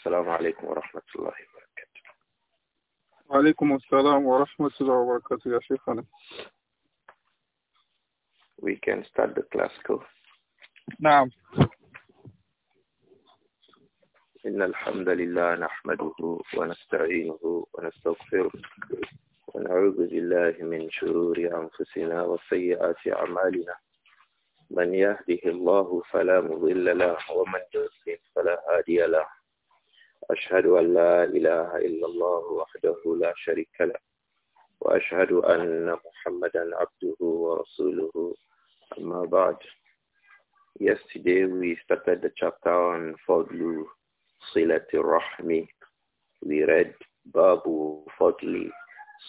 السلام عليكم ورحمة الله وبركاته وعليكم السلام ورحمة الله وبركاته يا شيخنا We can start the class go. نعم إن الحمد لله نحمده ونستعينه ونستغفره ونعوذ بالله من شرور أنفسنا وسيئات أعمالنا من يهده الله فلا مضل له ومن يضلل فلا هادي له أشهد أن لا إله إلا الله وحده لا شريك له وأشهد أن محمدا عبده ورسوله أما بعد Yesterday we started the chapter on Fadlu Silati Rahmi. We read Babu Fadli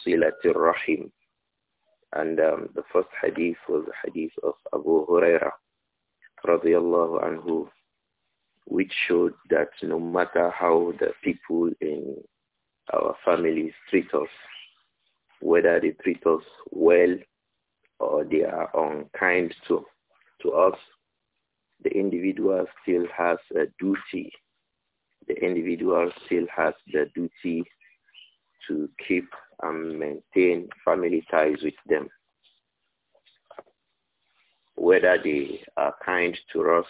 Silati Rahim. And um, the first hadith was the hadith of Abu Huraira الله عنه which showed that no matter how the people in our families treat us, whether they treat us well or they are unkind to, to us, the individual still has a duty. The individual still has the duty to keep and maintain family ties with them. Whether they are kind to us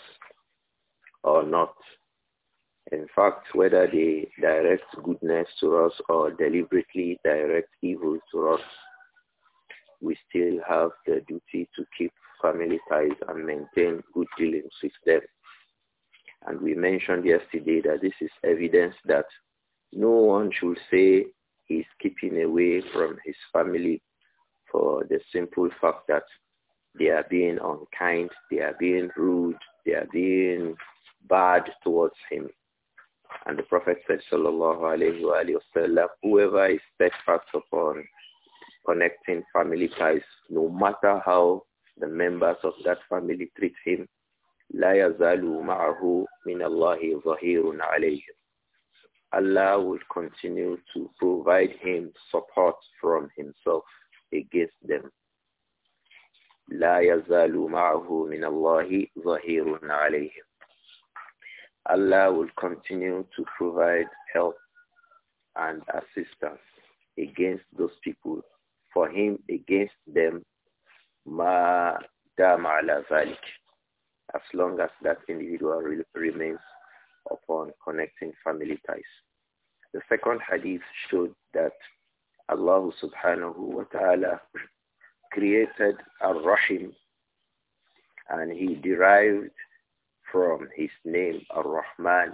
or not. In fact, whether they direct goodness to us or deliberately direct evil to us, we still have the duty to keep family ties and maintain good dealings with them. And we mentioned yesterday that this is evidence that no one should say he's keeping away from his family for the simple fact that they are being unkind, they are being rude, they are being bad towards him. And the Prophet said, Sallallahu Alaihi Wasallam, whoever is steadfast upon connecting family ties, no matter how the members of that family treat him, لا يزال معه من الله ظهير عليه. Allah will continue to provide him support from himself against them. لا يزال معه من الله ظهير عليهم Allah will continue to provide help and assistance against those people, for him against them, ma dam ala valik, as long as that individual re remains upon connecting family ties. The second hadith showed that Allah subhanahu wa ta'ala created a rahim and he derived from his name, Ar-Rahman,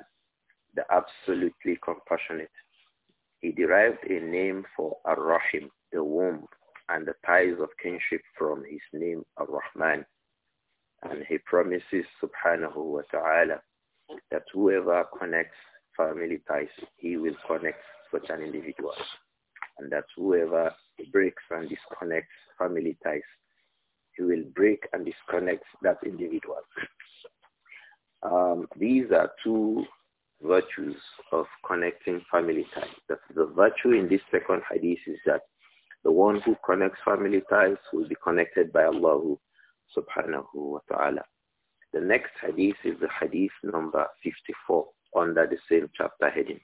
the absolutely compassionate. He derived a name for Ar-Rahim, the womb, and the ties of kinship from his name, Ar-Rahman. And he promises, subhanahu wa ta'ala, that whoever connects family ties, he will connect such an individual. And that whoever breaks and disconnects family ties, he will break and disconnect that individual. Um, these are two virtues of connecting family ties. The, the virtue in this second hadith is that the one who connects family ties will be connected by Allah subhanahu wa ta'ala. The next hadith is the hadith number 54 under the same chapter heading.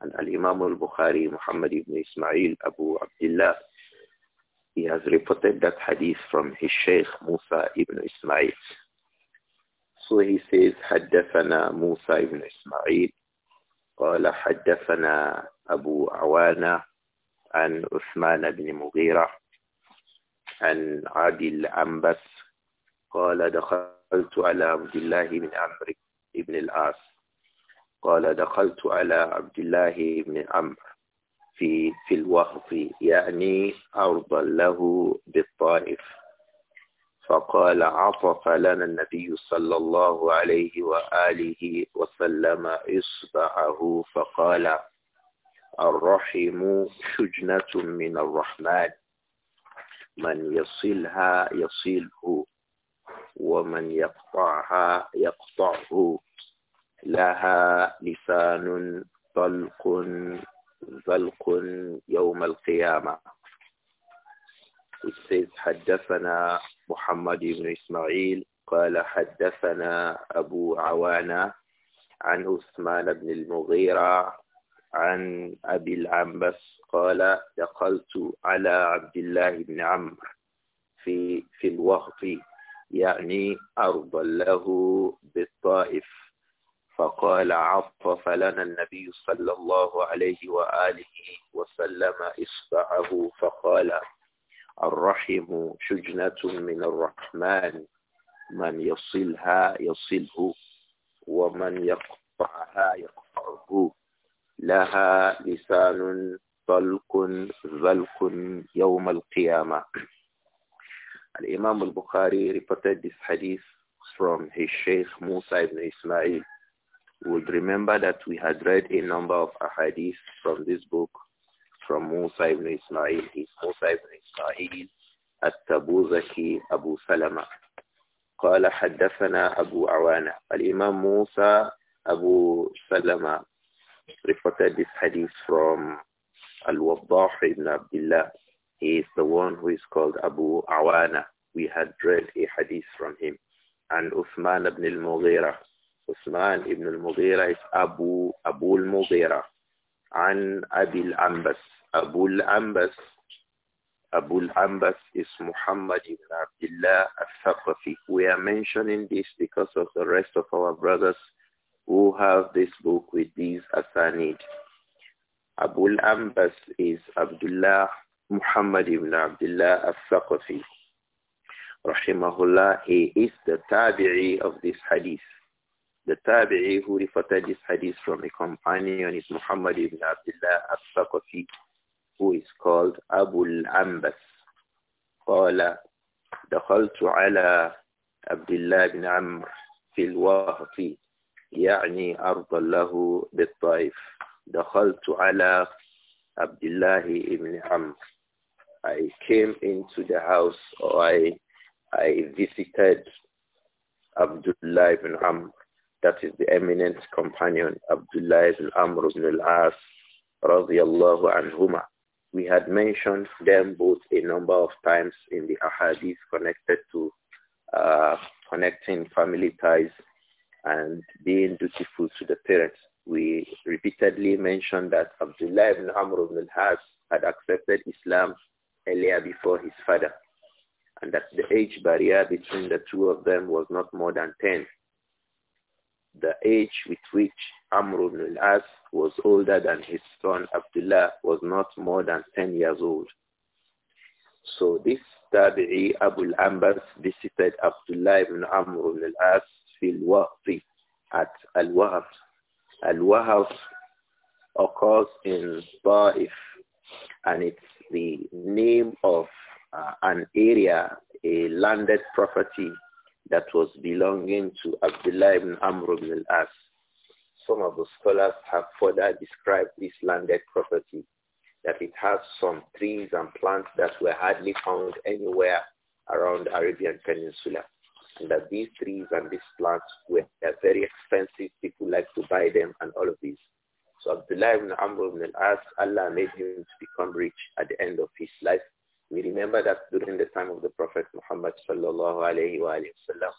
And Al-Imam al-Bukhari, Muhammad ibn Ismail, Abu Abdullah, he has reported that hadith from his sheikh Musa ibn Ismail. So he says, حدثنا موسى بن إسماعيل قال حدثنا أبو عوانة عن عثمان بن مغيرة عن عادل أنبس قال دخلت على عبد الله بن عمرو بن العاص قال دخلت على عبد الله بن عمرو في في الوهف يعني أرضا له بالطائف فقال عطف لنا النبي صلى الله عليه وآله وسلم إصبعه فقال الرحم شجنة من الرحمن من يصلها يصله ومن يقطعها يقطعه لها لسان طلق ذلق يوم القيامة which حدثنا محمد بن إسماعيل قال حدثنا أبو عوانة عن عثمان بن المغيرة عن أبي العنبس قال دخلت على عبد الله بن عمرو في في الوقت يعني أرضا له بالطائف فقال عطف لنا النبي صلى الله عليه وآله وسلم إصبعه فقال الرحم شجنة من الرحمن من يصلها يصله ومن يقطعها يقطعه لها لسان طلق ذلق يوم القيامة الإمام البخاري reported this hadith from his Sheikh Musa ibn Ismail. We would remember that we had read a number of hadiths from this book from Musa ibn Ismail is Musa ibn Ismail التبوذكي أبو سلمة قال Abu أبو عوانة Imam Musa Abu Salama reported this hadith from Al-Wabbah ibn Abdullah he is the one who is called Abu Awana we had read a hadith from him and Uthman ibn al-Mughira Uthman ibn al-Mughira is Abu Abu al-Mughira عن أبي العنبس Abul Ambas. Abul Ambas is Muhammad ibn Abdullah al-Thaqafi. We are mentioning this because of the rest of our brothers who have this book with these asanid. Abul Ambas is Abdullah Muhammad ibn Abdullah al-Thaqafi. Rahimahullah, he is the tabi'i of this hadith. The tabi'i who reported this hadith from a companion is Muhammad ibn Abdullah al-Thaqafi who is called Abu al-Ambas. Qala dakhaltu ala Abdullah bin Amr fil Wahfi ya'ni ardallahu bit-Taif. Dakhaltu ala Abdullah ibn Amr. I came into the house or I visited Abdullah ibn Amr. That is the eminent companion Abdullah ibn Amr ibn al-As radiyallahu anhumah. We had mentioned them both a number of times in the ahadith connected to uh, connecting family ties and being dutiful to the parents. We repeatedly mentioned that Abdullah ibn Amr ibn al-Has had accepted Islam earlier before his father and that the age barrier between the two of them was not more than 10 the age with which Amr ibn al-As was older than his son Abdullah was not more than 10 years old. So this Tabi'i Abu al-Ambas visited Abdullah ibn Amr ibn al-As at Al-Wahab. Al-Wahab occurs in Ba'if and it's the name of uh, an area, a landed property that was belonging to Abdullah ibn Amr ibn al-As. Some of the scholars have further described this landed property, that it has some trees and plants that were hardly found anywhere around Arabian Peninsula, and that these trees and these plants were very expensive. People like to buy them and all of these. So Abdullah ibn Amr ibn al-As, Allah made him to become rich at the end of his life we remember that during the time of the Prophet Muhammad sallallahu alayhi wa sallam,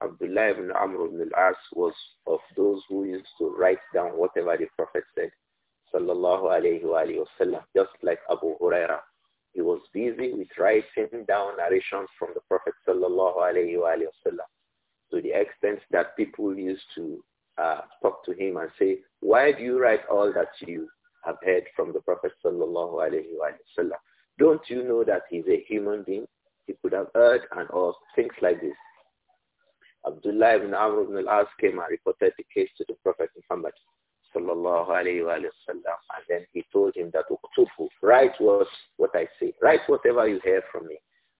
Abdullah ibn Amr ibn al-As was of those who used to write down whatever the Prophet said, sallallahu alayhi wa sallam, just like Abu Huraira. He was busy with writing down narrations from the Prophet sallallahu alayhi wa sallam to the extent that people used to uh, talk to him and say, why do you write all that you have heard from the Prophet sallallahu alayhi wa sallam? Don't you know that he's a human being? He could have heard and all things like this. Abdullah ibn Amr ibn al-As came and reported the case to the Prophet Muhammad sallallahu alayhi wa and then he told him that uktufu, write what, what I say, write whatever you hear from me.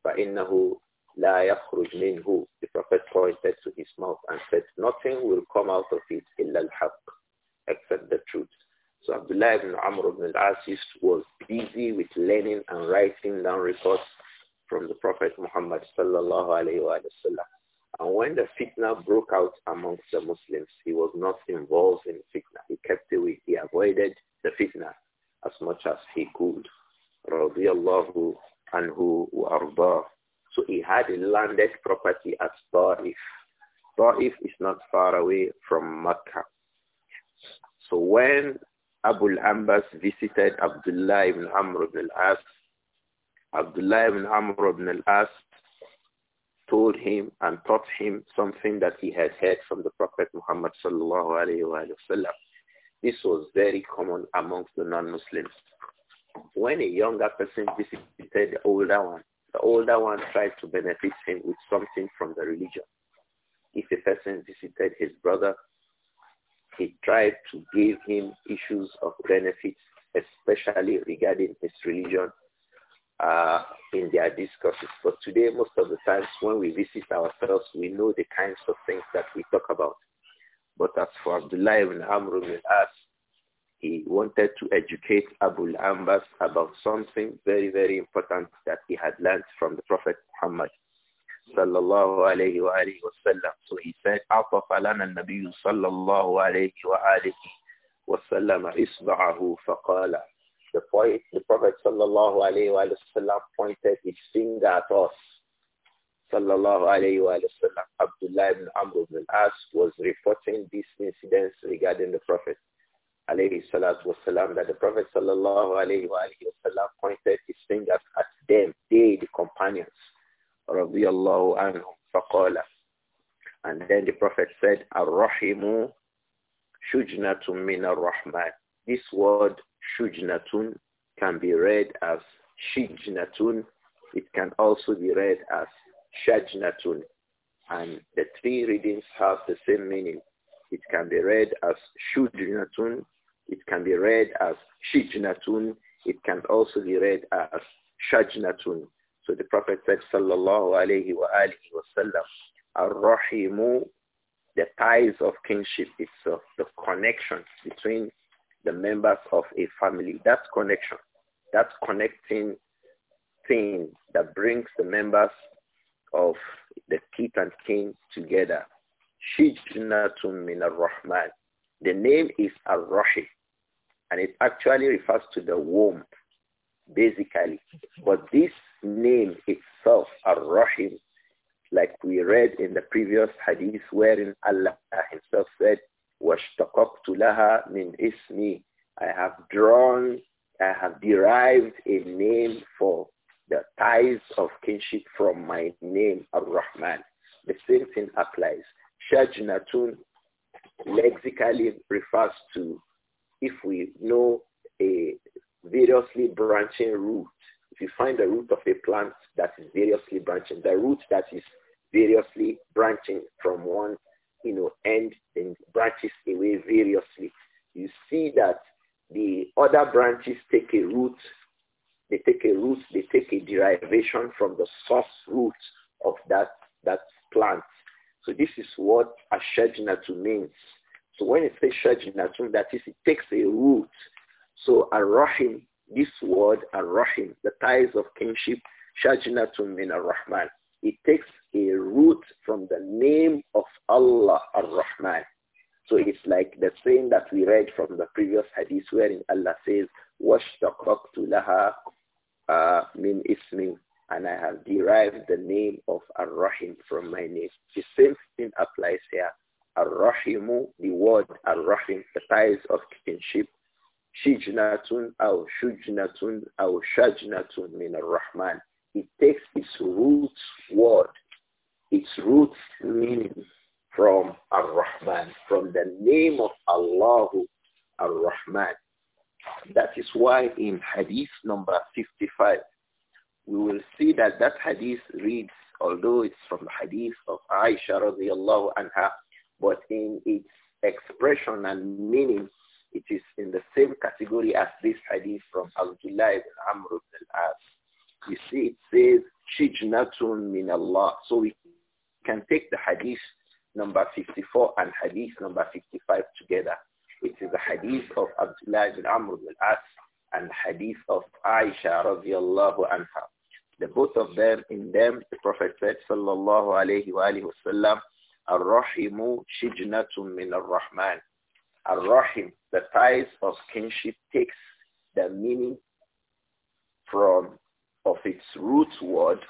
فَإِنَّهُ لَا يَخْرُجْ مِنْهُ The Prophet pointed to his mouth and said, nothing will come out of it al الْحَقِّ except the truth. So Abdullah ibn Amr ibn al-As was busy with learning and writing down reports from the Prophet Muhammad sallallahu alayhi wa sallam. And when the fitna broke out amongst the Muslims, he was not involved in fitna. He kept away. He avoided the fitna as much as he could. Radiallahu anhu wa So he had a landed property at Ta'if. Ta'if is not far away from Mecca. So when Abu al-Ambas visited Abdullah ibn Amr ibn al-As. Abdullah ibn Amr ibn al-As told him and taught him something that he had heard from the Prophet Muhammad sallallahu alayhi wa This was very common amongst the non-Muslims. When a younger person visited the older one, the older one tried to benefit him with something from the religion. If a person visited his brother he tried to give him issues of benefits, especially regarding his religion uh, in their discourses. But today, most of the times when we visit ourselves, we know the kinds of things that we talk about. But as for Abdullah ibn Amr ibn As, he wanted to educate Abu al-Ambas about something very, very important that he had learned from the Prophet Muhammad sallallahu alayhi wa alayhi wa sallam. So he said, عَطَفَ لَنَا النَّبِيُّ صَلَّى اللَّهُ عَلَيْهِ وَسَلَّمَ إِصْبَعَهُ فَقَالَ the, point, the Prophet sallallahu alayhi wa sallam pointed his finger at us. Sallallahu alayhi wa sallam, Abdullah ibn Amr ibn as was reporting these incidents regarding the Prophet alayhi salatu that the Prophet sallallahu alayhi wa sallam pointed his finger at them, they, the companions. And then the Prophet said, الرحم شجنة من الرحمن This word Shujnatun can be read as shijnatun. It can also be read as shajnatun. And the three readings have the same meaning. It can be read as shujnatun. It can be read as shijnatun. It can also be read as shajnatun. So the Prophet said, sallallahu alayhi wa alihi wa sallam, ar-rahimu, the ties of kinship itself, the connection between the members of a family, that connection, that connecting thing that brings the members of the kith and kin together. Shijnatun min ar-Rahman. The name is Ar-Rahim, and it actually refers to the womb, basically. But this name itself, Ar-Rahim, like we read in the previous hadith wherein Allah himself said, وَاشْتَقَقْتُ لَهَا مِنْ ismi. I have drawn, I have derived a name for the ties of kinship from my name, Ar-Rahman. The same thing applies. Shajnatun lexically refers to if we know a variously branching root you find the root of a plant that is variously branching, the root that is variously branching from one, you know, end and branches away variously, you see that the other branches take a root, they take a root, they take a derivation from the source root of that, that plant. So this is what a ashajnatu means. So when it says shajnatun, that is, it takes a root. So a rahim this word, Ar-Rahim, the ties of kinship, Shajnatun min Ar-Rahman. It takes a root from the name of Allah, Ar-Rahman. So it's like the saying that we read from the previous hadith wherein Allah says, وَاشْتَقَقْتُ لَهَا uh, min ismi," and I have derived the name of Ar-Rahim from my name. The same thing applies here. Ar-Rahimu, the word Ar-Rahim, the ties of kinship, Shijnatun aw shujnatun aw min rahman It takes its roots word, its roots meaning from Ar-Rahman, from the name of Allah Ar-Rahman. That is why in Hadith number 55, we will see that that Hadith reads, although it's from the Hadith of Aisha radiallahu anha, but in its expression and meaning, it is in the same category as this hadith from Abdullah ibn Amr ibn al-As. You see, it says, Shijnatun min Allah. So we can take the hadith number 54 and hadith number 55 together. It is the hadith of Abdullah ibn Amr ibn al-As and hadith of Aisha radiallahu anha. The both of them, in them, the Prophet said, sallallahu alayhi wa alayhi wa sallam, Ar-Rahimu shijnatun min ar-Rahman. Ar-Rahim, the ties of kinship takes the meaning from of its root word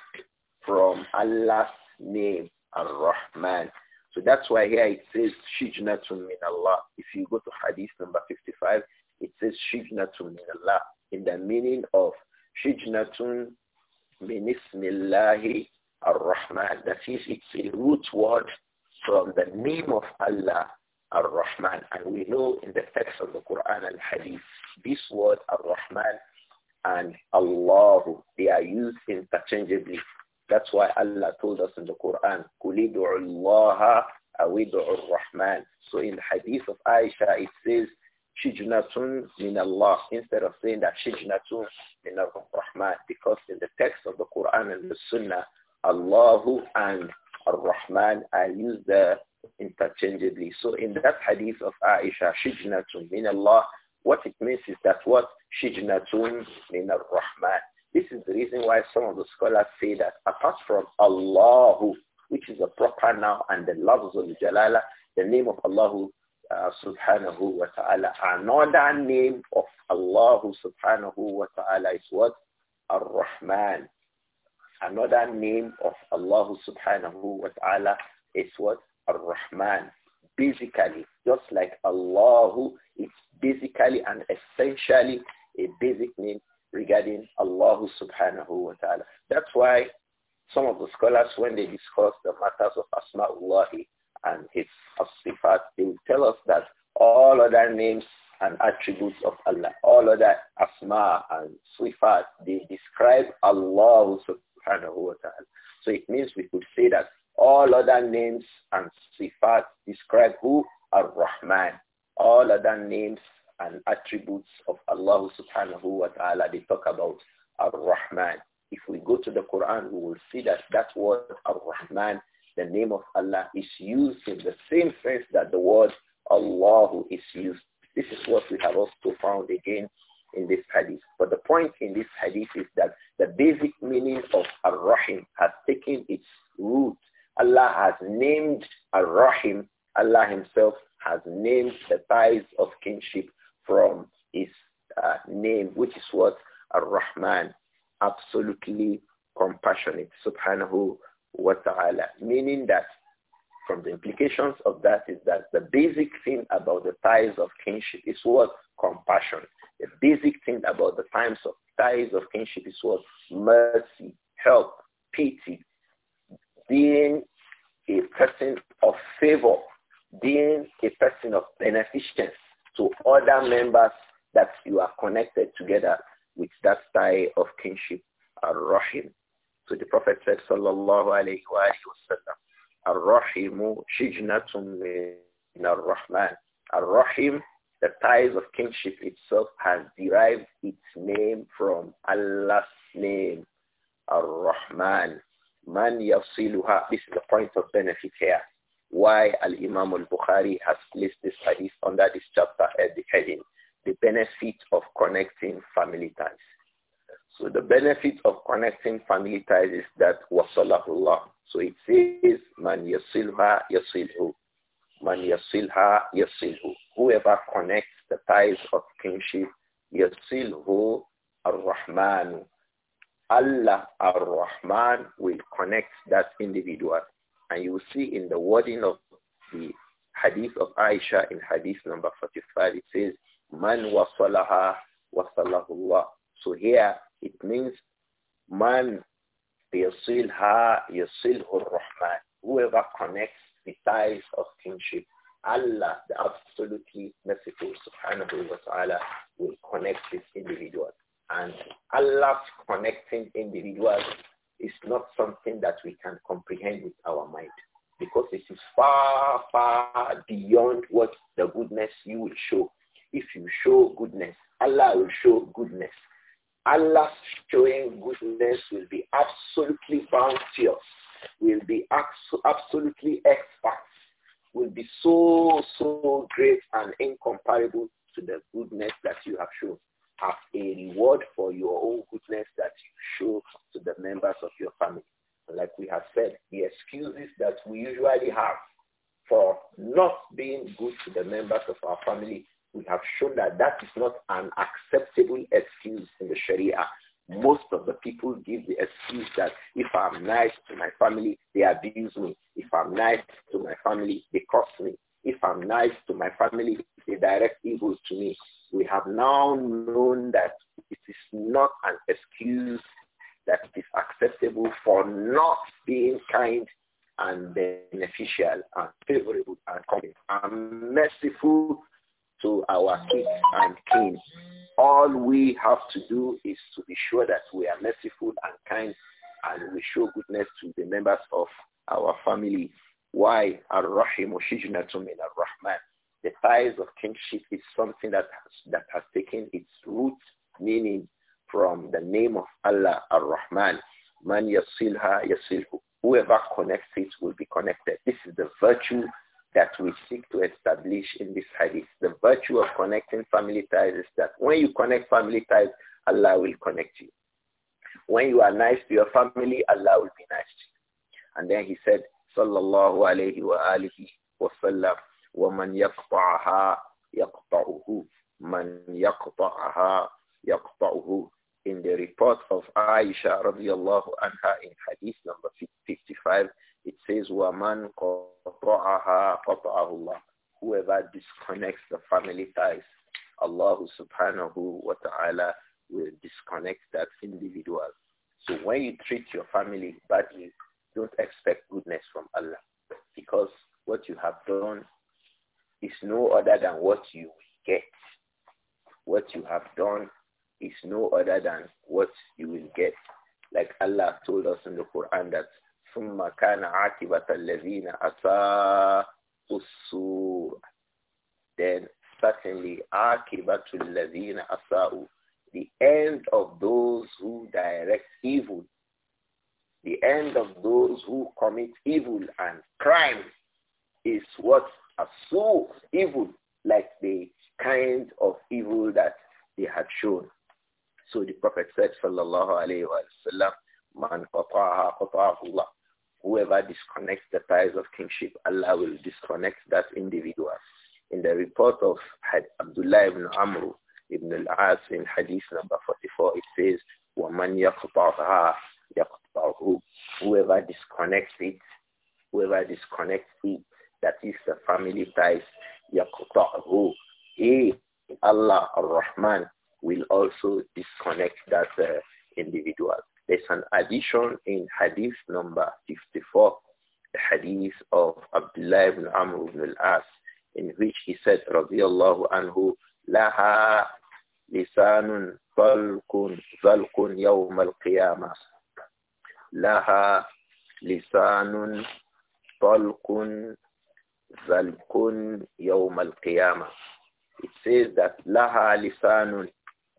from Allah's name, Ar-Rahman. So that's why here it says shijnatun min Allah. If you go to hadith number 55, it says shijnatun min Allah in the meaning of shijnatun min ismillahi ar-Rahman. That is, it's a root word from the name of Allah Ar-Rahman. And we know in the text of the Quran and Hadith, this word Ar-Rahman and Allah, they are used interchangeably. That's why Allah told us in the Quran, قُلِ دُعُ اللَّهَ أَوِ rahman So in the Hadith of Aisha, it says, Shijnatun min Allah instead of saying that Shijnatun min Ar-Rahman because in the text of the Quran and the Sunnah, Allahu and Ar-Rahman are used the interchangeably. So in that hadith of Aisha, shijnatun min Allah, what it means is that what? Shijnatun min ar-Rahman. This is the reason why some of the scholars say that apart from Allahu, which is a proper noun and the lafz of Jalala, the name of Allah uh, subhanahu wa ta'ala, another name of Allah subhanahu wa ta'ala is what? Ar-Rahman. Another name of Allah subhanahu wa ta'ala is what? Ar-Rahman. Basically, just like Allahu, it's basically and essentially a basic name regarding Allah subhanahu wa ta'ala. That's why some of the scholars, when they discuss the matters of Asma'ullah and his Asifat, they will tell us that all other names and attributes of Allah, all other Asma and Sifat, they describe Allah subhanahu wa ta'ala. So it means we could say that all other names and sifat describe who? Ar-Rahman. All other names and attributes of Allah subhanahu wa ta'ala, they talk about Ar-Rahman. If we go to the Quran, we will see that that word Ar-Rahman, the name of Allah, is used in the same sense that the word Allah is used. This is what we have also found again in this hadith. But the point in this hadith is that the basic meaning of Ar-Rahim has taken its root Allah has named Ar-Rahim, Allah himself has named the ties of kinship from his uh, name, which is what Ar-Rahman, absolutely compassionate, subhanahu wa ta'ala, meaning that from the implications of that is that the basic thing about the ties of kinship is what? Compassion. The basic thing about the times of ties of kinship is what? Mercy, help, pity, being a person of favor, being a person of beneficence to other members that you are connected together with that tie of kinship, ar-rahim. So the Prophet said, sallallahu Alaihi Wasallam, ar-rahimu shijnatum min ar-rahman. Ar-rahim, the ties of kinship itself has derived its name from Allah's name, ar-rahman. Man yafsiluha. This is the point of benefit here. Why Al-Imam al-Bukhari has placed this hadith under this chapter at the heading. The benefit of connecting family ties. So the benefit of connecting family ties is that wasalahullah. So it says, man yasilha yasilhu. Man yasilha yasilhu. Whoever connects the ties of kinship, yasilhu ar-Rahmanu. Allah Ar-Rahman will connect that individual. And you will see in the wording of the hadith of Aisha in hadith number 45, it says, Man wasalaha wasalahullah. So here it means man yasilha yasilhu rahman Whoever connects the ties of kinship, Allah, the absolutely merciful subhanahu wa ta'ala, will connect the trained is not something that we can comprehend with our mind because it is far, far beyond what the goodness you will show and we show goodness to the members of our family. Why? ar rahim shijnatum min ar-Rahman. The ties of kinship is something that has, that has taken its root meaning from the name of Allah ar-Rahman. Man yasilha yasilhu. Whoever connects it will be connected. This is the virtue that we seek to establish in this hadith. The virtue of connecting family ties is that when you connect family ties, Allah will connect you. When you are nice to your family, Allah will be nice to you. And then he said, Sallallahu alayhi wa alihi wa sallam, وَمَنْ يَقْطَعَهَا يَقْطَعُهُ مَنْ يَقْطَعَهَا يَقْطَعُهُ In the report of Aisha radiallahu anha in hadith number 55, it says, وَمَنْ قَطَعَهَا قَطَعَهُ اللَّهُ Whoever disconnects the family ties, Allah subhanahu wa ta'ala will disconnect that individual. So when you treat your family badly, don't expect goodness from Allah because what you have done is no other than what you will get. What you have done is no other than what you will get. Like Allah told us in the Quran that ثُمَّ كَانَ عَاقِبَةَ الَّذِينَ أَسَاءُوا السُّوءَ Then certainly عَاقِبَةُ الَّذِينَ أَسَاءُوا the end of those who direct evil, the end of those who commit evil and crime is what a so evil, like the kind of evil that they had shown. So the Prophet said, Sallallahu Alaihi Wasallam, Man qata'aha Whoever disconnects the ties of kingship, Allah will disconnect that individual. In the report of Abdullah ibn Amr, Ibn al-As in hadith number 44, it says, وَمَنْ يَقْطَعْهَا يَقْطَعْهُ Whoever disconnects it, whoever disconnects it, that is the family ties, يَقْطَعْهُ He, Allah Al rahman will also disconnect that uh, individual. There's an addition in hadith number 54, the hadith of Abdullah ibn Amr ibn al-As, in which he said, رضي الله عنه, لها لسان طلق طلق يوم القيامة لها لسان طلق ذلك يوم القيامة It says that لها لسان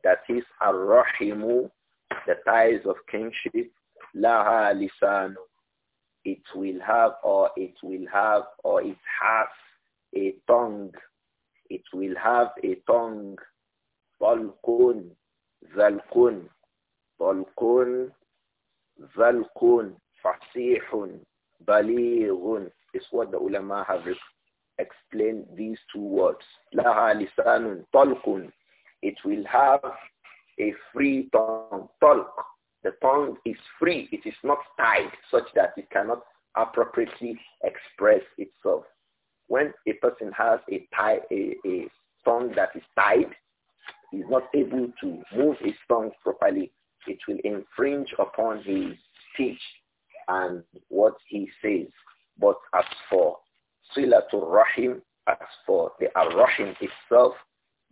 that is الرحم the ties of kingship لها لسان it will have or it will have or it has a tongue it will have a tongue طلق زلق طلق زلق فصيح بليغ is what the ulama have explained these two words. لها لسان طلق It will have a free tongue. Talk. The tongue is free. It is not tied such that it cannot appropriately express itself. When a person has a, tie, a, a tongue that is tied, is not able to move his tongue properly, it will infringe upon his speech and what he says. But as for Silatul Rahim, as for the Ar-Rahim itself,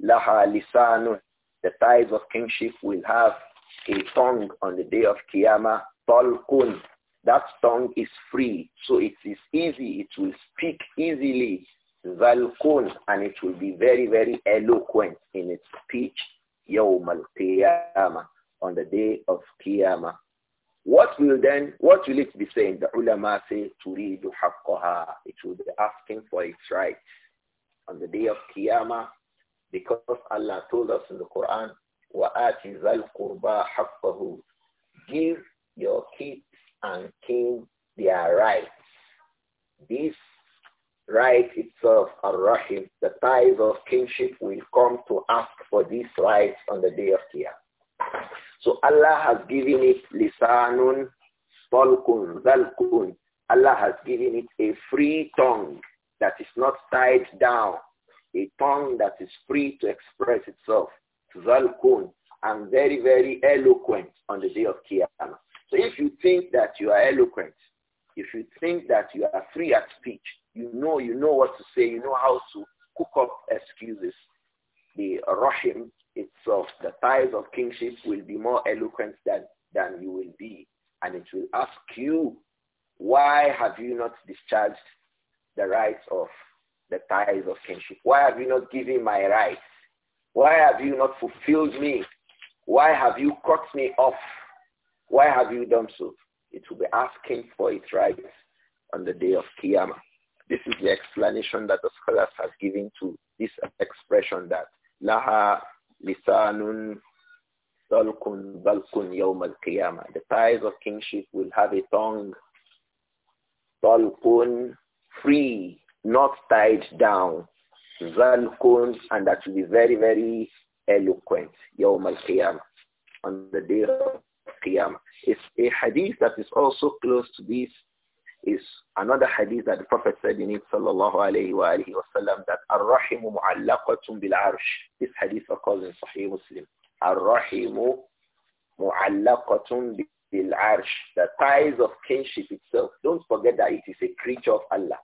Laha lisanu. the ties of kingship will have a tongue on the day of Qiyamah, Talqun. That tongue is free, so it is easy, it will speak easily zalkun, and it will be very, very eloquent in its speech, yawm al-qiyamah, on the day of qiyamah. What will then, what will it be saying? The ulama say, turidu haqqaha. It will be asking for its rights on the day of qiyamah, because Allah told us in the Quran, وَآتِ ذَا الْقُرْبَى حَقَّهُ Give your kids and king their rights. This right itself, Ar-Rahim, the ties of kinship will come to ask for these rights on the day of Qiyamah. So Allah has given it lisanun falkun zalkun. Allah has given it a free tongue that is not tied down, a tongue that is free to express itself, zalkun, and very, very eloquent on the day of Qiyamah. So if you think that you are eloquent, if you think that you are free at speech, you know, you know what to say. You know how to cook up excuses. The rahim itself, the ties of kingship will be more eloquent than, than you will be. And it will ask you, why have you not discharged the rights of the ties of kingship? Why have you not given my rights? Why have you not fulfilled me? Why have you cut me off? Why have you done so? It will be asking for its rights on the day of Qiyamah. This is the explanation that the scholars have given to this expression that laha lisanun salkun balkun yawm al The ties of kingship will have a tongue salkun free, not tied down. Zalkun and that will be very, very eloquent. Yawm al On the day of Qiyamah. It's a hadith that is also close to this is another hadith that the Prophet said in it, sallallahu alayhi wa alayhi wa sallam, that Ar-Rahimu mu'allaqatun bil arsh. This hadith occurs in Sahih Muslim. Ar-Rahimu mu'allaqatun bil arsh. The ties of kinship itself. Don't forget that it is a creature of Allah.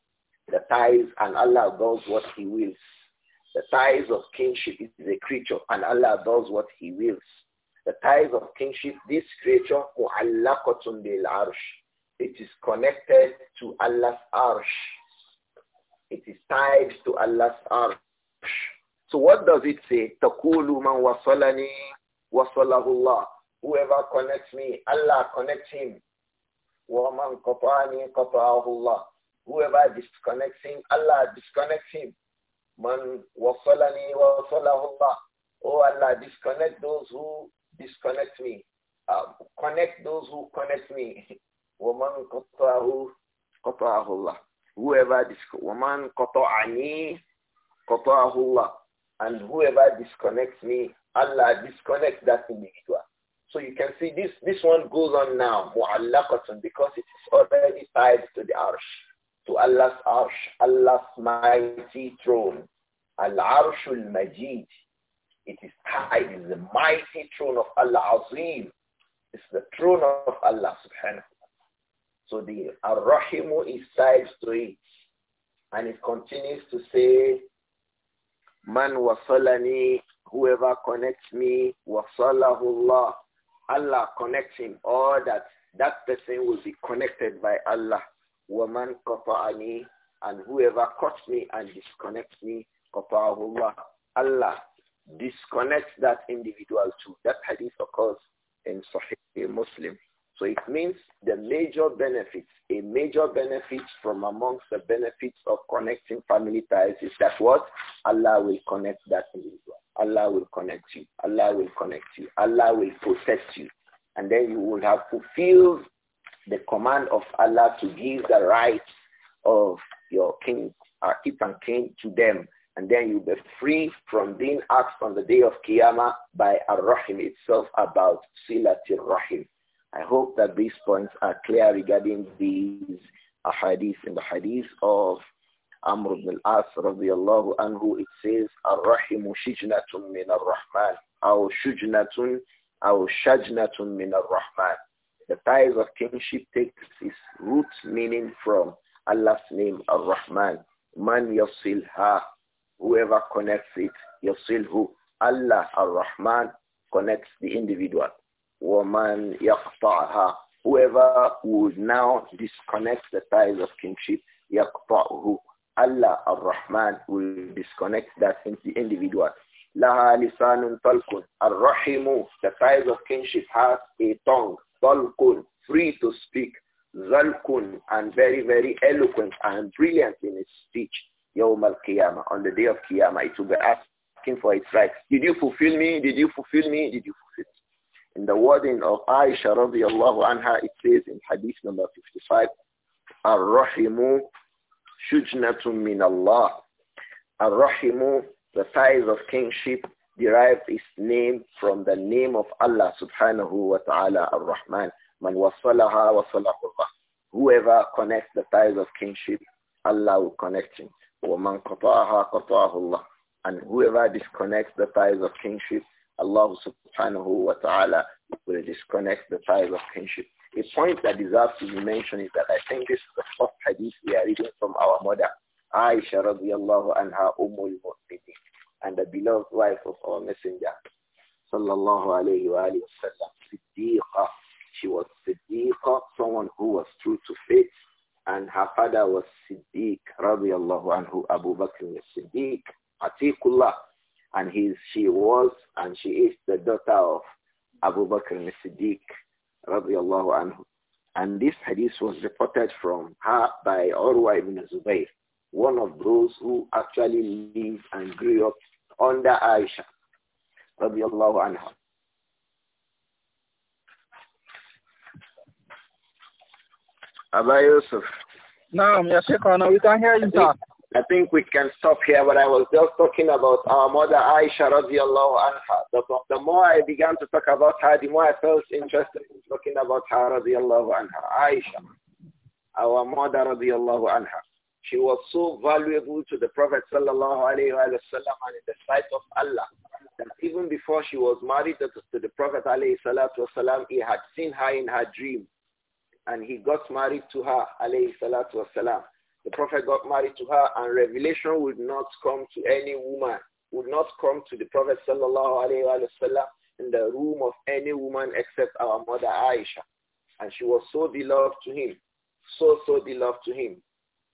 The ties and Allah does what he wills. The ties of kinship is a creature and Allah does what he wills. The ties of kinship, this creature, mu'allaqatun bil arsh it is connected to Allah's arsh. It is tied to Allah's arsh. So what does it say? Takulu man wasalani wasalahullah. Whoever connects me, Allah connects him. Waman qata'ani qata'ahullah. Whoever disconnects him, Allah disconnects him. Man wasalani wasalahullah. Oh Allah, disconnect those who disconnect me. Uh, connect those who connect me. Whoever And whoever disconnects me, Allah disconnects that individual. So you can see this, this one goes on now, mu'allaqatun, because it is already tied to the arsh, to Allah's arsh, Allah's mighty throne. Al-arshul majid. It is tied, it is the mighty throne of Allah, azim. It's the throne of Allah subhanahu so the Ar-Rahimu is side to it. And it continues to say, Man wasalani, whoever connects me, wasalahu Allah. Allah connects him. All that, that person will be connected by Allah. Woman qata'ani, and whoever cuts me and disconnects me, qata'ahu Allah. Allah disconnects that individual too. That hadith occurs in Sahih Muslim. So it means the major benefits, a major benefit from amongst the benefits of connecting family ties is that what? Allah will connect that individual. Allah will connect you. Allah will connect you. Allah will protect you. And then you will have fulfilled the command of Allah to give the rights of your king, our uh, keep and king to them. And then you'll be free from being asked on the day of Qiyamah by Ar-Rahim itself about Silatul Rahim I hope that these points are clear regarding these hadith. In the hadith of Amr ibn al-As radiallahu anhu, it says, الرحم شجنة من الرحمن أو شجنة أو شجنة من الرحمن. The ties of kinship takes its root meaning from Allah's name, Ar-Rahman. Man yasilha, whoever connects it, yasilhu. Allah, Ar-Rahman, connects the individual. يَقْطَعْهَا Whoever would now disconnect the ties of kinship, يَقْطَعْهُ Allah ar-Rahman will disconnect that individual. لَهَا لِسَانٌ طَلْقٌ الرَّحِمُ The ties of kinship has a tongue, طَلْقٌ, free to speak, ذَلْقٌ, and very, very eloquent and brilliant in his speech. يوم القيامة, on the day of Qiyamah, it will be asking for its rights. Did you fulfill me? Did you fulfill me? Did you fulfill me? In the wording of Aisha radiallahu anha, it says in hadith number 55, Ar-Rahimu shujnatun min Allah. Ar-Rahimu, the ties of kingship, derived its name from the name of Allah subhanahu wa ta'ala ar-Rahman. Man wasalaha wasalahullah. Whoever connects the ties of kingship, Allah will connect him. وَمَنْ قَطَعَهَا قَطَعَهُ اللَّهُ And whoever disconnects the ties of kingship, Allah subhanahu wa ta'ala will disconnect the ties of kinship. A point that deserves to be mentioned is that I think this is the first hadith we are reading from our mother, Aisha radiallahu anha umul mu'minin, and the beloved wife of our messenger, sallallahu alayhi wa alayhi Siddiqa. She was Siddiqa, someone who was true to faith, and her father was Siddiq radiallahu anhu, Abu Bakr al-Siddiq, Atiqullah, and he, she was and she is the daughter of Abu Bakr al-Siddiq radiallahu anhu. And this hadith was reported from her by Urwa ibn Zubayr, one of those who actually lived and grew up under Aisha radiallahu anha. Abba Yusuf. No, we can hear you, sir. I think we can stop here, but I was just talking about our mother Aisha radiallahu anha. The, the more I began to talk about her, the more I felt interested in talking about her radiallahu anha. Aisha, our mother radiallahu anha. She was so valuable to the Prophet sallallahu alayhi wa and in the sight of Allah that even before she was married to, to the Prophet alayhi salatu wasalam, he had seen her in her dream and he got married to her alayhi salatu wasalam the Prophet got married to her and revelation would not come to any woman, would not come to the Prophet sallallahu alayhi wa sallam in the room of any woman except our mother Aisha. And she was so beloved to him, so, so beloved to him.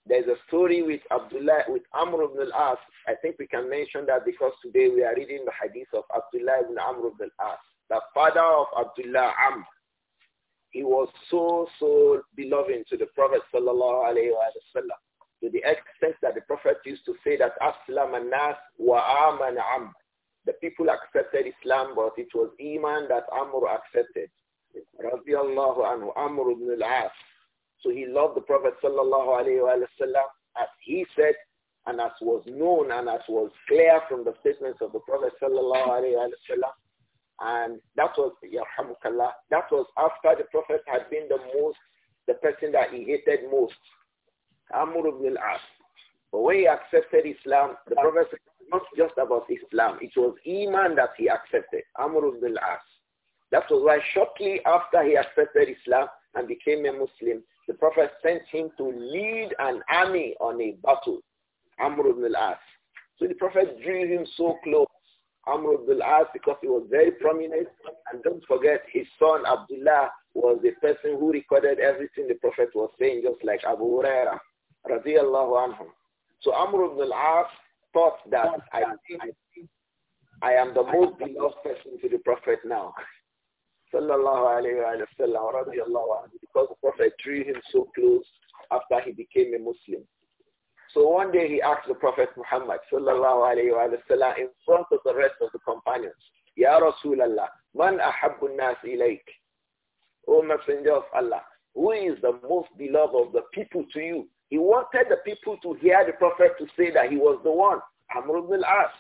There's a story with Abdullah, with Amr ibn al-As. I think we can mention that because today we are reading the hadith of Abdullah ibn Amr ibn al-As, the father of Abdullah Amr he was so, so beloved to the Prophet sallallahu alayhi wa to the extent that the Prophet used to say that Aslam an-nas wa aman am. The people accepted Islam, but it was Iman that Amr accepted. Radiallahu anhu, Amr ibn al-As. So he loved the Prophet sallallahu alayhi wa sallam as he said and as was known and as was clear from the statements of the Prophet sallallahu alayhi wa sallam and that was, Yarhamukallah, that was after the Prophet had been the most, the person that he hated most, Amr ibn al-As. But when he accepted Islam, the Prophet said, not just about Islam, it was Iman that he accepted, Amr ibn al-As. That was why shortly after he accepted Islam and became a Muslim, the Prophet sent him to lead an army on a battle, Amr ibn al-As. So the Prophet drew him so close Amr ibn al-As because he was very prominent. And don't forget, his son Abdullah was the person who recorded everything the Prophet was saying, just like Abu Huraira, radiallahu anhu. So Amr ibn al-As thought that I, I, I am the most beloved person to the Prophet now. Sallallahu alayhi wa sallam, radiallahu anhu, because the Prophet drew him so close after he became a Muslim. So one day he asked the Prophet Muhammad sallallahu alayhi wa sallam in front of the rest of the companions, Ya Rasulallah, man ahabbu nas ilayk? O Messenger of Allah, who is the most beloved of the people to you? He wanted the people to hear the Prophet to say that he was the one, Amr ibn al-As,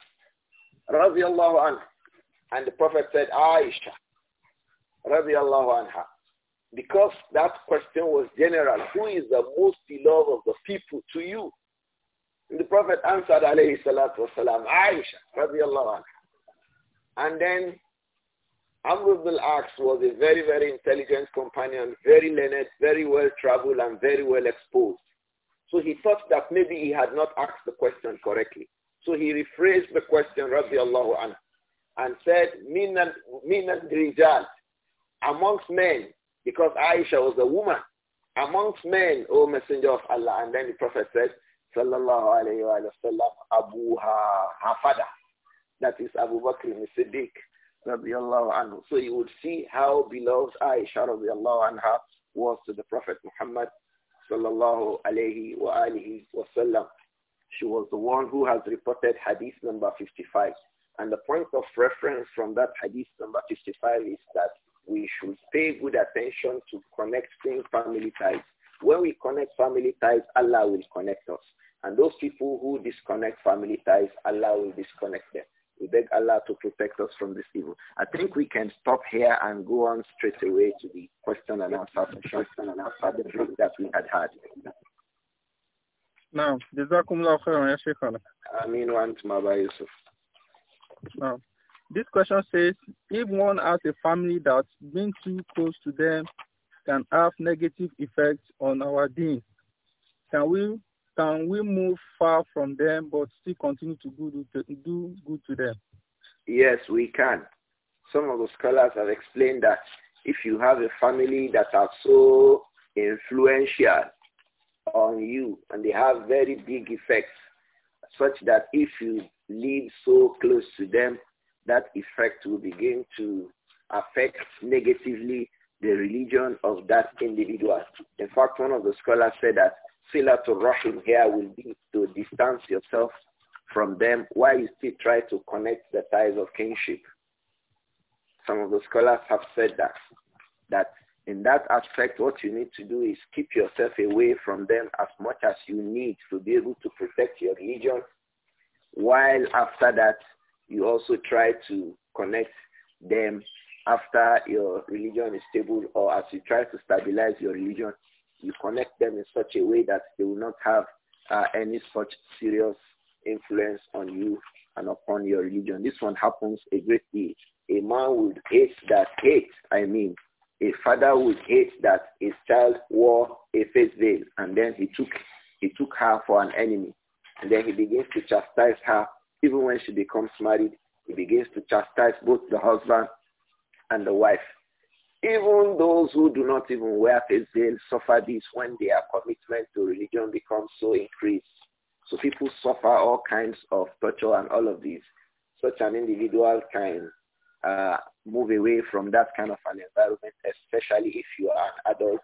radiallahu anhu. And the Prophet said, Aisha, radiallahu anha. Because that question was general, who is the most beloved of the people to you? The Prophet answered alayhi salatu wasalam, Aisha, radiallahu anha. And then Amr ibn al-Aqs was a very, very intelligent companion, very learned, very well traveled and very well exposed. So he thought that maybe he had not asked the question correctly. So he rephrased the question, radiallahu anhu, and said, Minan rijal, amongst men, because Aisha was a woman, amongst men, O Messenger of Allah. And then the Prophet said, sallallahu alayhi wa sallam, Abuha, her father. That is Abu Bakr Siddiq, radiallahu anhu. So you would see how beloved Aisha, radiallahu anha, was to the Prophet Muhammad, sallallahu alayhi wa alihi wa sallam. She was the one who has reported hadith number 55. And the point of reference from that hadith number 55 is that we should pay good attention to connecting family ties. When we connect family ties, Allah will connect us. And those people who disconnect family ties, Allah will disconnect them. We beg Allah to protect us from this evil. I think we can stop here and go on straight away to the question and answer session that we had had. Now, جزاكم الله خيرا يا شيخنا آمين وأنتم أبا This question says, if one has a family that being too close to them can have negative effects on our deen, can we can we move far from them but still continue to do, do good to them? Yes, we can. Some of the scholars have explained that if you have a family that are so influential on you and they have very big effects such that if you live so close to them, that effect will begin to affect negatively the religion of that individual. In fact, one of the scholars said that Silatul Rahim here will be to distance yourself from them while you still try to connect the ties of kinship. Some of the scholars have said that, that in that aspect, what you need to do is keep yourself away from them as much as you need to be able to protect your religion, while after that, you also try to connect them after your religion is stable or as you try to stabilize your religion you connect them in such a way that they will not have uh, any such serious influence on you and upon your religion. This one happens a great deal. A man would hate that hate, I mean, a father would hate that his child wore a face veil and then he took he took her for an enemy. And then he begins to chastise her. Even when she becomes married, he begins to chastise both the husband and the wife. Even those who do not even wear face veil suffer this when their commitment to religion becomes so increased. So people suffer all kinds of torture and all of these. Such an individual can uh, move away from that kind of an environment, especially if you are an adult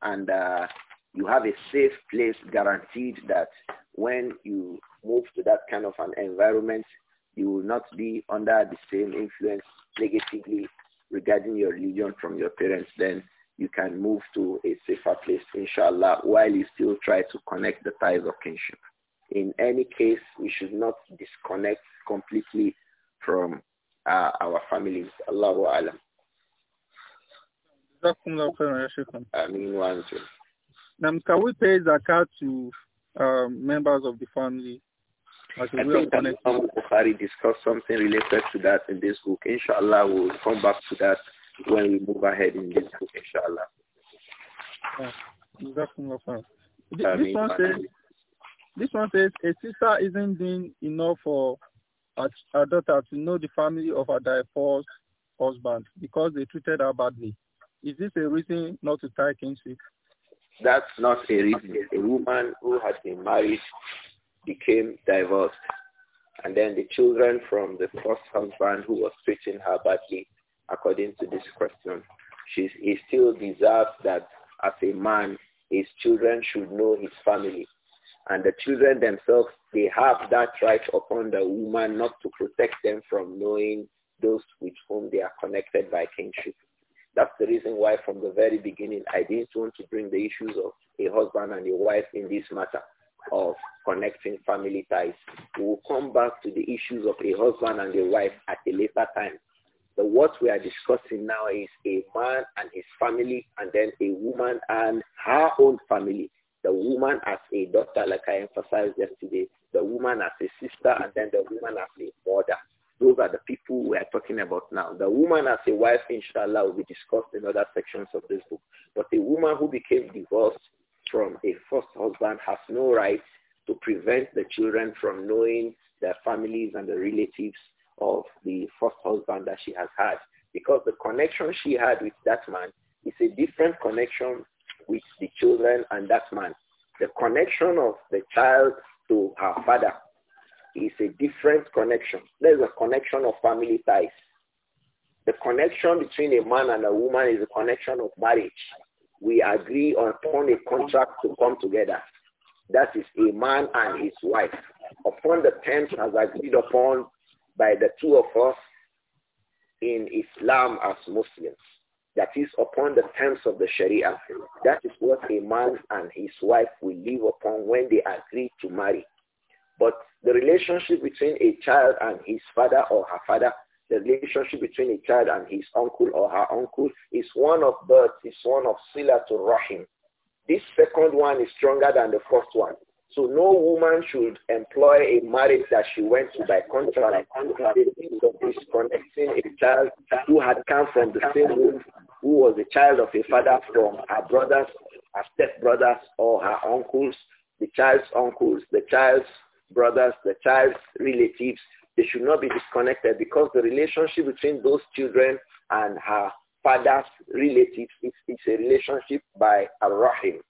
and uh, you have a safe place guaranteed that when you move to that kind of an environment, you will not be under the same influence negatively regarding your religion from your parents, then you can move to a safer place, inshallah, while you still try to connect the ties of kinship. In any case, we should not disconnect completely from uh, our families. Allahu Alam. Now, we pay zakat to uh, members of the family I think that Imam Bukhari discussed something related to that in this book. Inshallah, we'll come back to that when we move ahead in this book, inshallah. Yeah. This, one says, this one says, a sister isn't doing enough for her, her daughter to know the family of her divorced husband because they treated her badly. Is this a reason not to tie kinship? That's not a reason. A woman who has been married became divorced. And then the children from the first husband who was treating her badly, according to this question, she he still deserves that as a man, his children should know his family. And the children themselves, they have that right upon the woman not to protect them from knowing those with whom they are connected by kinship. That's the reason why from the very beginning I didn't want to bring the issues of a husband and a wife in this matter of connecting family ties. We will come back to the issues of a husband and a wife at a later time. But what we are discussing now is a man and his family and then a woman and her own family. The woman as a daughter, like I emphasized yesterday, the woman as a sister, and then the woman as a mother. Those are the people we are talking about now. The woman as a wife, inshallah, will be discussed in other sections of this book. But the woman who became divorced from a first husband has no right to prevent the children from knowing their families and the relatives of the first husband that she has had. Because the connection she had with that man is a different connection with the children and that man. The connection of the child to her father is a different connection. There's a connection of family ties. The connection between a man and a woman is a connection of marriage we agree upon a contract to come together. That is a man and his wife. Upon the terms as agreed upon by the two of us in Islam as Muslims. That is upon the terms of the Sharia. That is what a man and his wife will live upon when they agree to marry. But the relationship between a child and his father or her father the relationship between a child and his uncle or her uncle is one of birth, is one of sila to rahim. This second one is stronger than the first one. So no woman should employ a marriage that she went to by contract This connecting a child who had come from the same womb, who was the child of a father from her brothers, her stepbrothers, or her uncles, the child's uncles, the child's brothers, the child's relatives, they should not be disconnected because the relationship between those children and her father's relatives is, is a relationship by arahim.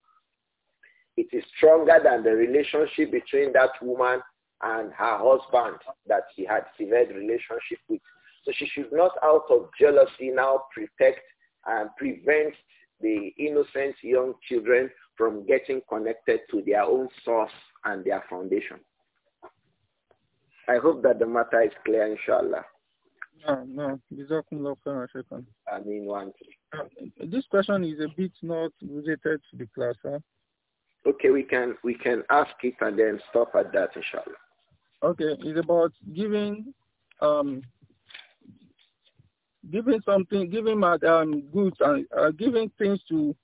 is stronger than the relationship between that woman and her husband that she had severed relationship with. So she should not out of jealousy now protect and prevent the innocent young children from getting connected to their own source and their foundation. I hope that the matter is clear, inshallah. No, no. Jazakumullah I mean, one. This question is a bit not related to the class, huh? Okay, we can we can ask it and then stop at that, inshallah. Okay, it's about giving um giving something, giving um goods and uh, giving things to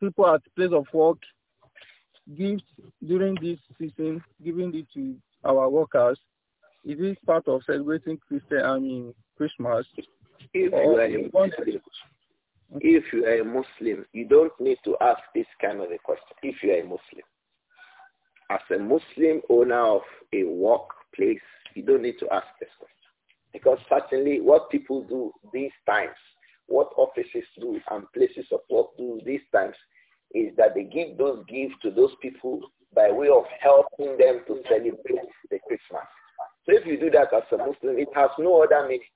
people at place of work, gifts during this season, giving it to our workers is this part of celebrating Christian, I mean, Christmas? If you, are a Muslim, if you are a Muslim, you don't need to ask this kind of a question. If you are a Muslim. As a Muslim owner of a workplace, you don't need to ask this question. Because certainly what people do these times, what offices do and places of work do these times is that they give those gifts to those people by way of helping them to celebrate the Christmas. So if you do that as a Muslim, it has no other meaning.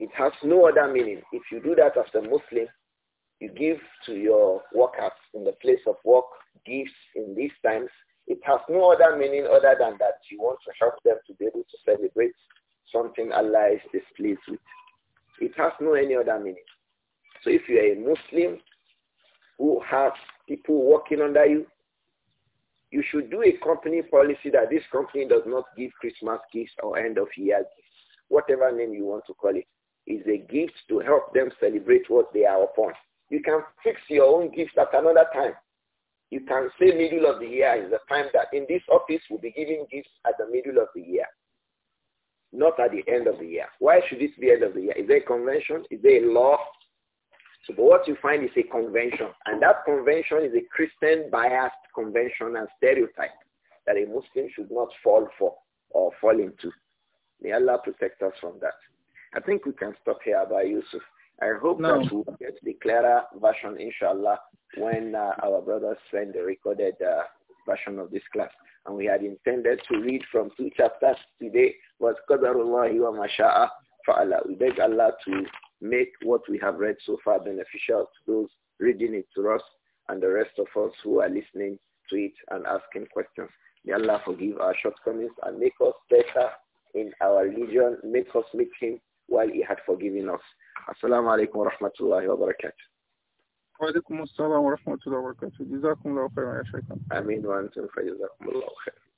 It has no other meaning. If you do that as a Muslim, you give to your workers in the place of work, gifts in these times, it has no other meaning other than that you want to help them to be able to celebrate something Allah is displeased with. It has no any other meaning. So if you are a Muslim who has people working under you, you should do a company policy that this company does not give Christmas gifts or end of year gifts, whatever name you want to call it, is a gift to help them celebrate what they are upon. You can fix your own gifts at another time. You can say middle of the year is the time that in this office we'll be giving gifts at the middle of the year, not at the end of the year. Why should this be end of the year? Is there a convention? Is there a law? So what you find is a convention, and that convention is a Christian-biased convention and stereotype that a Muslim should not fall for or fall into. May Allah protect us from that. I think we can stop here, Abba Yusuf. I hope no. that we'll get the clearer version, inshallah, when uh, our brothers send the recorded uh, version of this class. And we had intended to read from two chapters today, was Qadarullahi wa Masha'a Fa'ala. We beg Allah to make what we have read so far beneficial to those reading it to us and the rest of us who are listening to it and asking questions. May Allah forgive our shortcomings and make us better in our religion, make us meet him while he had forgiven us. Assalamu alaikum wa rahmatullahi wa barakatuh. وعليكم السلام ورحمة الله وبركاته جزاكم الله خيرا يا شيخنا آمين وأنتم الله خيرا